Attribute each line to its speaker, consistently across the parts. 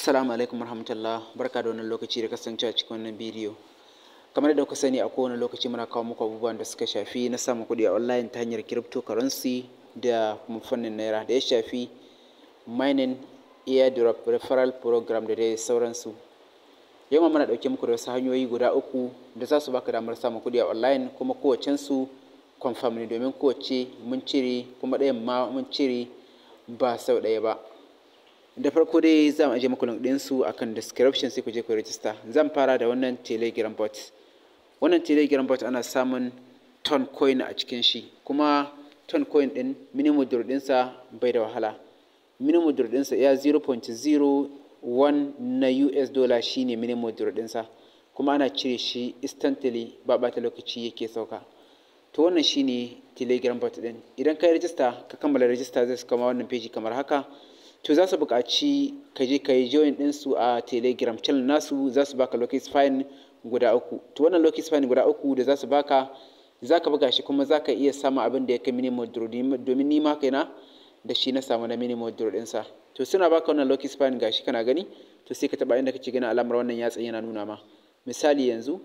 Speaker 1: Assalamu alaikum warahmatullah barka da wannan lokaci da kasance a cikin wannan bidiyo kamar da ku sani a kowane lokaci muna kawo muku abubuwan da suka shafi na samun kuɗi a online ta hanyar cryptocurrency da kuma fannin naira da ya shafi mining airdrop referral program da dai sauransu yau ma muna ɗauke muku da wasu hanyoyi guda uku da za su baka damar samun kuɗi a online kuma su confirm ne domin kowace mun cire kuma ɗayan ma mun cire ba sau ɗaya ba da farko dai za mu aje muku link ɗinsu a kan description sai ku je ku register zan fara da wannan telegram bot wannan telegram bot ana samun ton coin a cikin shi kuma ton coin ɗin minimum dur ɗinsa bai da wahala minimum dur ɗinsa ya 0.01 na us dollar shine minimum dur ɗinsa kuma ana cire shi instantly ba ɓata lokaci yake sauka to wannan shine telegram bot ɗin idan ka yi rajista ka kammala rajista zai kama wannan peji kamar haka to za su buƙaci ka je ka yi join ɗinsu a telegram channel nasu za su baka locus fine guda uku to wannan locus fine guda uku da za su baka za ka buga shi kuma za ka iya samun abin da ya kai mini duro domin ni ma kaina da shi na samu na mini din ɗinsa to suna baka wannan locus fine gashi kana gani to sai ka taɓa inda kake gani alamar wannan tsaye yana nuna ma misali yanzu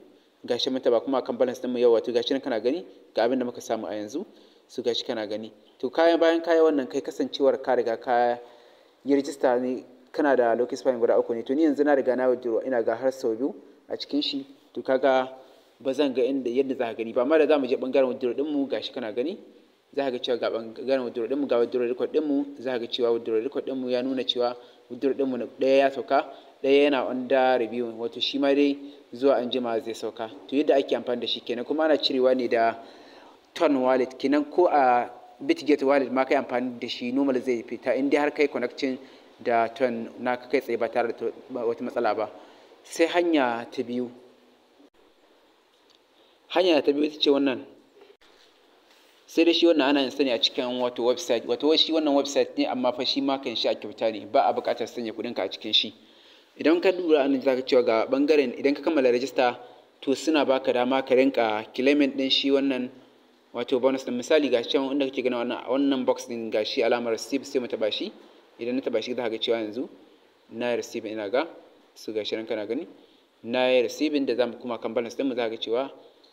Speaker 1: gashi mun taba kuma akan balance mu yau wato gashi nan kana gani ga abin da muka samu a yanzu su gashi kana gani to kayan bayan kayan wannan kai kasancewar ka riga ka yi rijista ne kana da locus fine guda uku ne to ni yanzu na riga na withdraw ina ga har sau biyu a cikin shi to kaga ba zan ga inda yadda za ka gani ba amma da za mu je bangaren withdraw din mu gashi kana gani za ka ga cewa ga bangaren withdraw din mu ga withdraw record din mu za ka ga cewa withdraw record din mu ya nuna cewa withdraw din mu daya ya sauka daya yana under review wato shi ma dai zuwa an jima zai sauka to yadda ake amfani da shi kenan kuma ana cirewa ne da ton wallet kenan ko a bitget wallet ma kai amfani da shi normal zai fita in dai har kai connection da ton na kai tsaye ba tare da wata matsala ba sai hanya ta biyu hanya ta biyu ita ce wannan sai da shi wannan ana yin sani a cikin wato website wato shi wannan website ne amma fa shi ma kan shi a kyauta ne ba a buƙatar sanya kuɗinka a cikin shi idan ka lura an zaka cewa ga bangaren idan ka kammala register to suna baka dama ka rinka claimant din shi wannan wato bonus din misali ga can inda kake gani wannan wannan box din shi alamar receive sai mu taba shi idan na taba shi za ga cewa yanzu na receive ina ga su ga shirin kana gani na yi receiving da zamu kuma kan balance din mu za ga cewa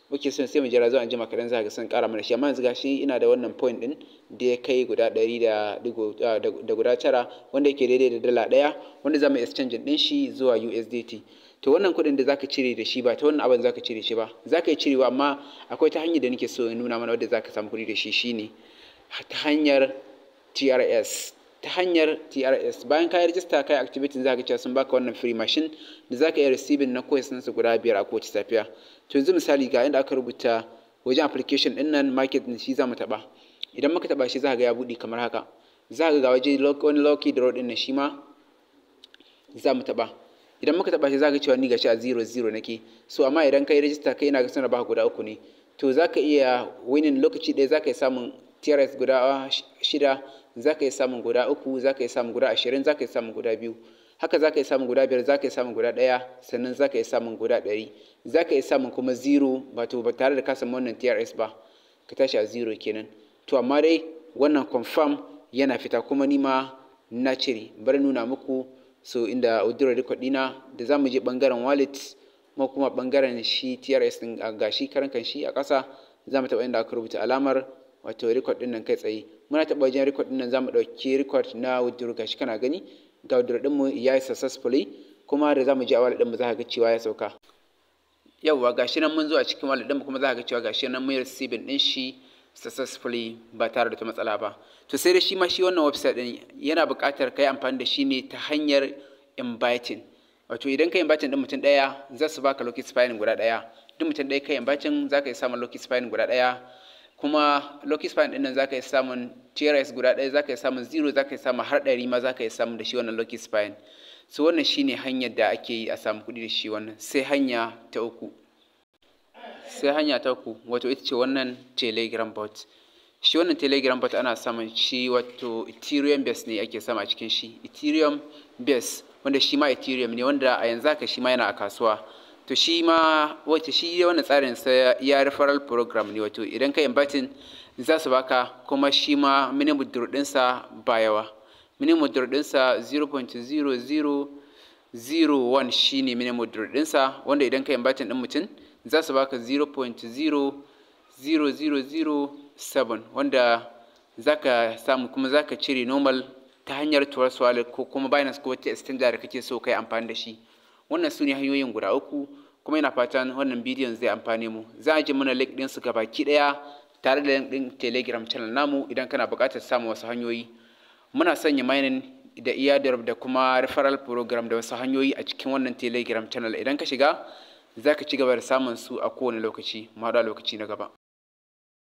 Speaker 1: muke son sai mu jira zuwa anjima kadan za ka san ƙara mana shi amma yanzu gashi ina da wannan point din da ya kai guda ɗari da guda tara wanda yake daidai da dala ɗaya wanda za mu exchange din shi zuwa USDT to wannan kuɗin da zaka cire da shi ba ta wannan abin zaka cire shi ba zaka yi cirewa amma akwai ta hanyar da nake so in nuna mana wadda zaka samu kuɗi da shi shine ta hanyar TRS ta hanyar TRS bayan ka yi rajista kai activating zaka cewa sun baka wannan free machine da zaka iya receiving na course su guda biyar a kowace safiya to yanzu misali ga inda aka rubuta wajen application din nan market din shi za mu taɓa, idan muka taɓa shi za ga ya buɗe kamar haka za ga waje wani lucky da din na shi ma za mu taɓa. idan muka taba shi zaka cewa ni gashi a 00 nake so amma idan kai register kai ina ga sanar baka guda uku ne to zaka iya winning lokaci ɗaya zaka yi samun TRS guda shida zaka yi samun guda uku zaka yi samun guda ashirin zaka yi samun guda biyu haka zaka yi samun guda biyar zaka yi samun guda ɗaya sannan zaka yi samun guda ɗari zaka yi samun kuma zero to ba tare da ka samu wannan TRS ba ka tashi a zero kenan to amma dai wannan confirm yana fita kuma ni ma na cire bari nuna muku so inda withdrawal record dina da za mu je ɓangaren wallet ma kuma ɓangaren shi trs din ga shi karan kan shi a ƙasa za mu taɓa inda aka rubuta alamar wato record din nan kai tsaye muna taɓa wajen record din nan za mu ɗauki record na withdrawal ga shi kana gani ga withdrawal ɗinmu mu yayi successfully kuma da za mu je a wallet ɗinmu za ka ga cewa ya sauka yawwa gashi nan mun zo a cikin wallet ɗinmu kuma za ka ga cewa gashi nan mun yi receiving ɗin shi successfully ba tare da ta matsala ba to sai da shi ma shi wannan website din yana buƙatar kai amfani da shi ne ta hanyar inviting wato idan kai inviting din mutum daya za su baka local spine guda daya duk mutum daya kai inviting za ka yi samun local spine guda daya kuma local spine din nan za ka yi samun trs guda daya za ka yi samun zero za ka yi samun har ɗari ma za ka yi samun da shi wannan local spine so wannan shine hanyar da ake yi a samu kuɗi da shi wannan sai hanya ta uku sai hanya ta ku wato ita ce wannan telegram bot shi wannan telegram bot ana samun shi wato ethereum base ne ake sama a cikin shi ethereum base wanda shi ma ethereum ne wanda a yanzu haka shi ma yana a kasuwa to shi ma wato shi wannan tsarin sa ya referral program ne wato idan ka inviting za su baka kuma shi ma minimum durɗin sa ba yawa minimum durɗin sa 0.0001 shine minimum durɗin sa wanda idan ka inviting din mutum za su baka 0.00007 wanda za ka samu kuma za ka cire normal ta hanyar turaswale ko kuma binance ko wata exchange da kake so kai amfani da shi wannan su ne hanyoyin guda uku kuma yana fatan wannan bidiyon zai amfane mu za a ji mana link ɗinsu gabaki ɗaya tare da link ɗin telegram channel namu idan kana buƙatar samun wasu hanyoyi muna sanya mining da iadrop da kuma referral program da wasu hanyoyi a cikin wannan telegram channel idan ka shiga za ka ci gaba da samun su a kowane lokaci mu haɗu lokaci na gaba